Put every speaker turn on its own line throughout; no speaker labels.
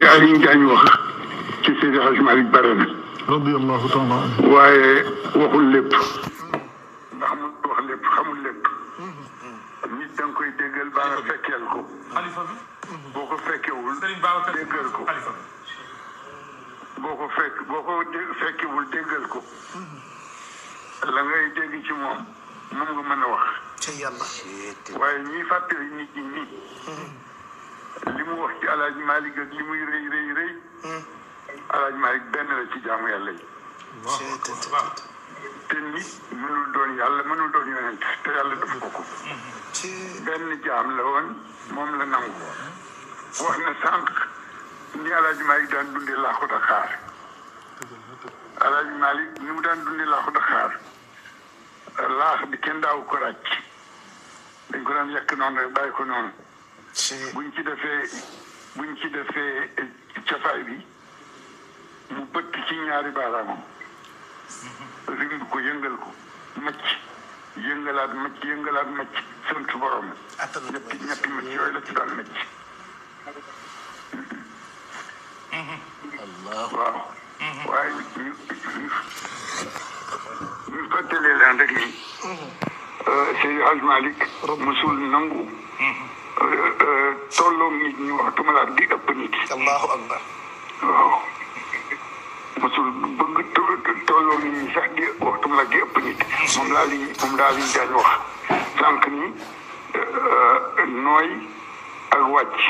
Aliou Njaañ wax ci Seydi Hadj Malick bare na. radiyallahu taala waaye waxul lépp. ndax mu wax lépp xamul lépp. Mm-hmm. nit da nga koy déggal ba nga fekkeel ko. boo ko fekkewul déggal ko. boo ko fekk boo ko fekkewul déggal ko. Mm-hmm. la ngay dégg ci moom moom nga mën a wax. waaye ñiy fàttali nit ñi mu wax ci alaaji Malick li muy rëy rëy rëy hmm. alaaji Malick benn la ci jaamu yàlla yi te nit mënul doon yàlla mënul doon yonent te yàlla dafa ko ko hmm. benn jaam la woon moom la nangu wax na sànq ni alaaji Malick daan dunde laaxu Dakar alaaji Malick ni mu daan dunde laaxu Dakar laax bi kenn daaw ko ràcc dañ ko daan yekk noonu bàyyi ko noonu buñ ci defee buñ ci defee cafaay bi mu bëtt ci ñaari baaraamam ring ko yëngal ko macc yëngalaat macc yëngalaat macc sant borom ñetti ñetti macc la ci daan macc waaw waaye ñu ñu fàttalee leen rek ni euh, Seydi Hadj Malick nangu hmm. ni waxtu ma la di ëpp nit allahu akbar waaw mosul bëgg tolloo nit ñi sax di waxtu ma la di ëpp nit moom laa liñ moom laa liñ daan wax sànq ni nooy ak wàcc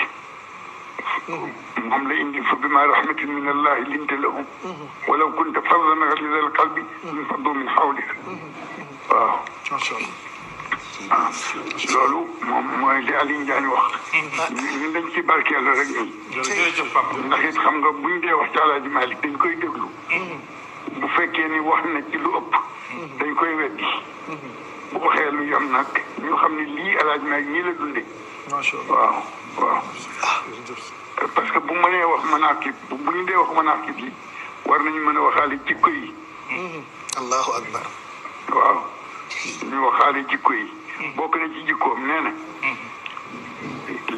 moom la indi fa bima rahmatin min allahi linta lahum walaw kunta fardan ghalida alqalbi linfaddu min hawlika waaw loolu moom mooy li Alioune Diagne wax. ñun dañ ci barkeel rek ñun. jërëjëf Pape. ndax it xam nga buñ dee wax ci Alaaji Malick dañ koy déglu. bu fekkee ni wax na ci lu ëpp. dañ koy weddi. bu waxee lu yam nag ñu xam ne lii Alaaji Malick ñii la dundee. macha allah waaw waaw. parce que bu mënee wax manaakib bu buñ de wax manaakib yi war nañu mën a waxaale jikko yi. allahu akbar. waaw wax waxaale jikko yi. bokk na ci jikkoom nee na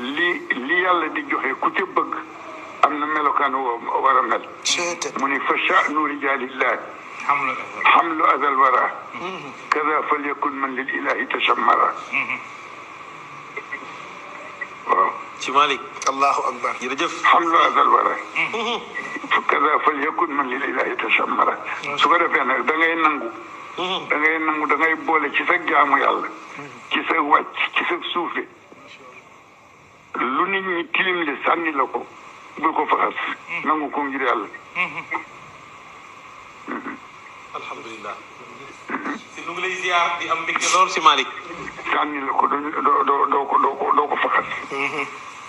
li li yàlla di joxe ku ca bëgg am na melokaan woo war a mel mu ni fa chanu rijalillah xamlu adal wara kada fal yakun man lil ilahi tashammara waaw ci Malick allahu akbar jërëjëf xamlu adal wara kada fal yakun man lil ilahi tashammara su ko defee nag da ngay nangu da ngay nangu da ngay boole ci sa jaamu yàlla ci sa wàcc ci sa suufe lu nit ñi tilim li sànni la ko bul ko faxas nangu ko ngir yàlla sànni la ko doo ko doo ko faxas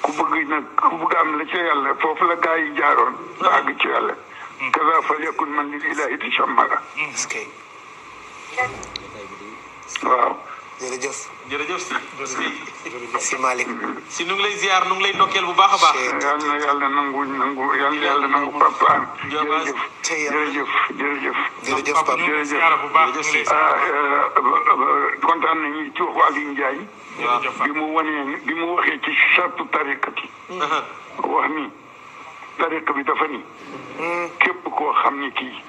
ku bëgg ku bëgg am la ci yàlla foofu la gaa jaaroon ba àgg ci yàlla kaza falyakun man lil ilahi tajammala waaw. jërëjëf. jërëjëf si. jërëjëf si Malick. si nu ngi lay ziar nu lay ndokkeel bu baax a baax. yal na yàlla nangu nangu yal na yàlla nangu papa. jërëjëf jërëjëf jërëjëf. jërëjëf papa jërëjëf ah, euh, kontaan nañu ci waxu Aliou Ndiaye. bi mu waxee ci charte tariqa bi. Uh-huh. wax ni tariqa bi dafa ni. Hmm. képp koo xam ni kii.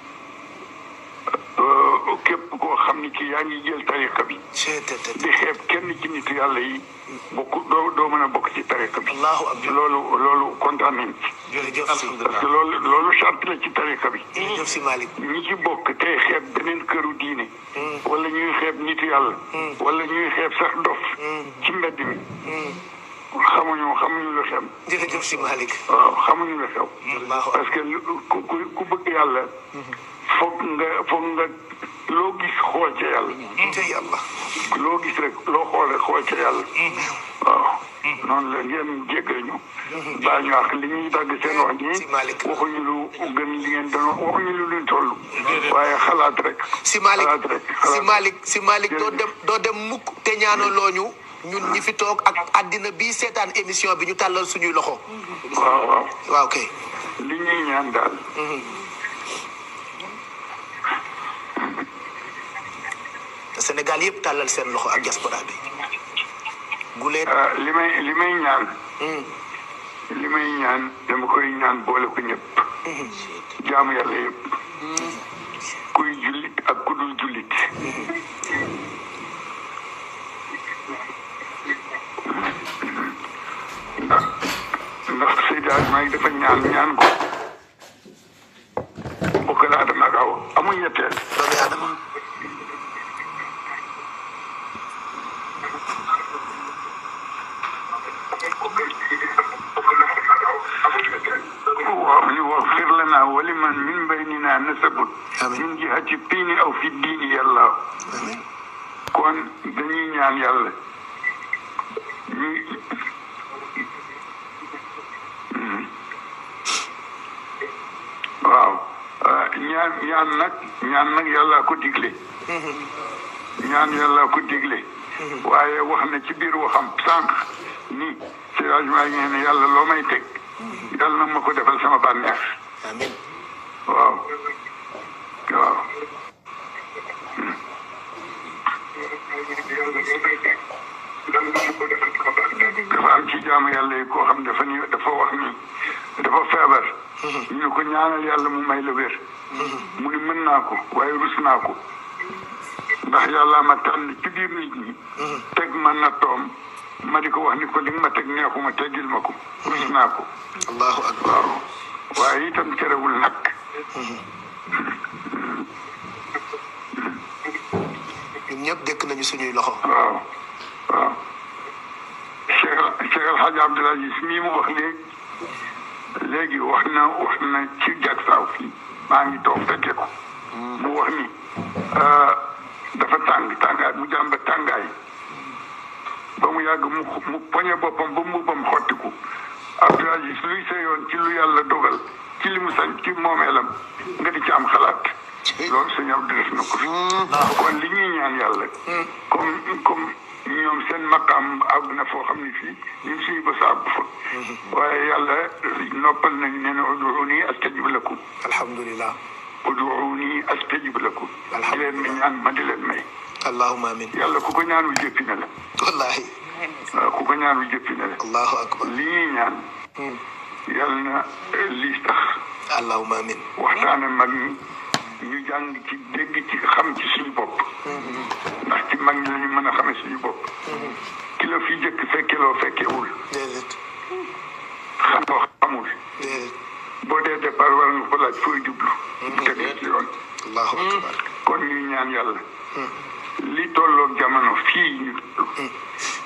képp koo xam ni ki yaa ngi jël tariqa bi di xeeb kenn ci nit yàlla yi bokk doo doo mën a bokk ci tariqa bi loolu loolu kontaan nañ ci parce que loolu loolu charte la ci tariqa bi ñi ci bokk tey xeeb beneen këru diine wala ñuy xeeb nit yàlla wala ñuy xeeb sax dof ci mbedd mi xamuñu xamuñu lu xem. jërëjëf si Malick. waaw xamuñu lu xew. parce que ku ku bëgg yàlla. foog nga foog nga loo gis xool ca yàlla. te yàlla. loo gis rek loo xoolee xool ca yàlla. Mm-hmm. waaw. Mm-hmm. noonu la ngeen jéggal ñu. Mm-hmm. baa ñu ak li ñuy dagg seen wax ñi waxuñu lu gën li ngeen doon waxuñu lu luñ waaye xalaat rek. si Malick si Malick si Malick doo dem doo dem mukk te ñaanoo loo ñu. ñun ñi fi toog ak àddina bi seetaan émission bi ñu tàllal suñuy loxo. waaw waaw. waaw kay. li ñuy ñaan daal. Sénégal yëpp tàllal seen loxo ak diaspora bi. gulee ah, li may li may ñaan. Hmm. li may ñaan dama koy ñaan boole ko ñëpp. Hmm. jaamu yàlla yëpp. Hmm. kuy jullit ak ku jullit. ndax ndax Seydi Maalik ñaan ñaan ko. bokk la Adama ak Awa amul ñetteel. Adama. rahiman min baynina nasabun min jihati tiini aw fi diini yàlla kon dañuy ñaan yàlla ñu waaw ñaan ñaan nag ñaan nag yàlla ko digle ñaan yàlla ko digle waaye wax na ci biir waxam sànq ni ci ragement yi ne yàlla teg yàlla na ma ko defal sama bànneex waaw waaw. dafa am ci jaamu yàlla yi koo xam dafa ni dafa wax ni dafa feebar. Mm-hmm. ñu ko ñaanal yàlla mu may la mm-hmm. mu ni mën naa ko waaye rus naa ko. ndax yàlla ma tànn ci biir nit ñi. Mm-hmm. teg ma nattoom ma di ko wax ni ko li ma teg neexuma teggil ma ko. rus naa ko. allahu akbar waaw waaye itam terewul nag. ñun ñëpp dëkk nañu suñuy loxo. waaw waaw. Cheikh Cheikh El Hadj mii mu wax léegi léegi wax na wax na ci Jaksaaw fii maa ngi toog fekke ko. Hmm. mu wax ni euh, dafa tàng tàngaay mu jàmba tàngaay ba mu yàgg mu poñe boppam ba mu boppam xottiku Abdoul Aziz luy seyoon ci lu yàlla dogal. ci li mu sañ ci moomeelam nga di ci am xalaat loolu suñu am def na ko fi kon li ñuy ñaan yàlla comme comme ñoom seen maqaam àgg na foo xam ne fii ñun suñu ba sa àgg fa waaye yàlla noppal nañ nee na uduuni astajib lakum alhamdulilah uduuni astajib lakum di leen ma ñaan ma di leen may allahumma amin yàlla ku ko ñaanul jëppi na la wallahi waaw ku ko ñaanul jëppi na la allahu akbar li ñuy ñaan yàlla na lii tax. allahumma amin. waxtaan ak mag ñi ñu jàng ci dégg ci xam ci suñu bopp. ndax mag ñi ñu mën a xamee suñu bopp. ki la fi jëkk fekke loo fekkewul. déedéet. xam loo xamul. déedéet. boo dee départ war na ko laaj fooy mm-hmm. kon ñuy ñaan yàlla. li tolloog jamono fii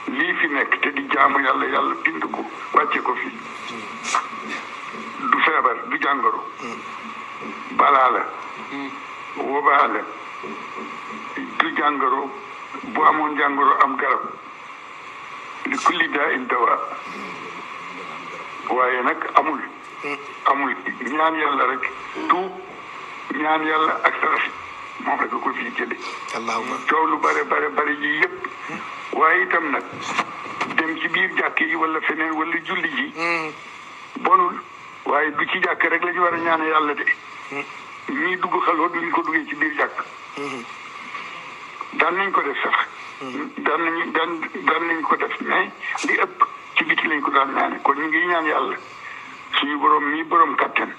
lii fi nekk te di jaamu yàlla yàlla bind ko wàcce ko fi du feebar du jàngoro balaa la wobaa la du jàngoro bu amoon jàngoro am garab li kulli daa in dawa waaye nag amul amul ñaan yàlla rek tuub ñaan yàlla ak sarax moom rek ko fii jële coow lu bare bare bare yi yëpp waaye itam nag dem ci biir jàkk yi walla feneen wala julli ji hmm. bonul waaye du ci jàkk rek la war a ñaane yàlla de hmm. ñii dugg xalwa duñ ko duggee ci biir jàkk hmm. daan nañ ko def sax daan nañ ko def mais li ëpp ci biti lañ ko daan ñaane kon ñu ngi ñaan yàlla suñu borom mii borom kàttan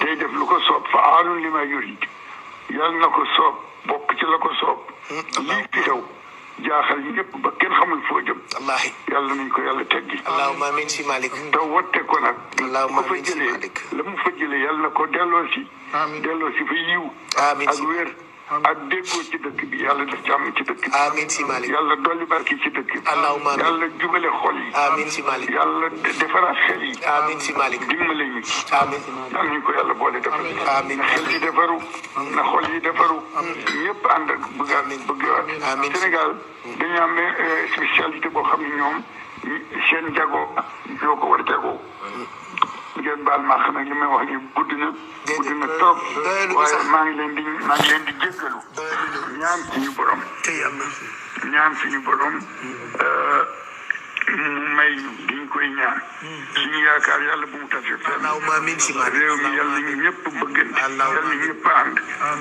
day def lu ko soob fa aalun li ma yàlla na ko soob bokk ci la ko soob lii fi xew jaaxal ñëpp ba kenn xamul foo jëm. wallaahi yàlla nañ ko yàlla teggi. allahumma amiin si Malick. te wotte ko nag. allahumma amiin si Malick la mu fa jëlee yàlla na ko delloo si. amiin delloo si fa yiw. amiin ak wér. ak déggoo ci dëkk bi yàlla def jàmm ci dëkk bi. amiin si Malick yàlla dolli barki ci dëkk bi. allahumma amiin yàlla jubale xol yi. amiin si Malick yàlla defaraat xel yi. amiin si Malick dimbale ñu. amiin yàlla ñu ko yàlla boole defar. amiin xel yi defaru. na xol yi defaru. ñëpp ànd ak bëgg a bëgg amiin Sénégal dañu am euh, spécialité boo xam ne ñoom seen jago ñoo ko war a ngeen bal ma xam li wax ni gudd na gudd na trop waaye maa ngi leen di maa ngi leen di jéggalu ñaan suñu borom ñaan suñu borom eh, mu may diñ koy ñaan suñu yaakaar yàlla bu mu na ñëpp ànd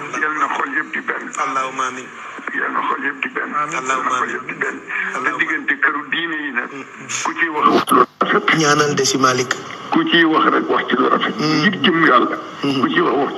yàlla na xol yëpp na xol di benn yàlla na xol di benn te diggante këru diine yi nag ku ci wax ñaanal de ku ciy wax rek wax ci lu rafet. nit jëm yàlla. ku ciy wax wax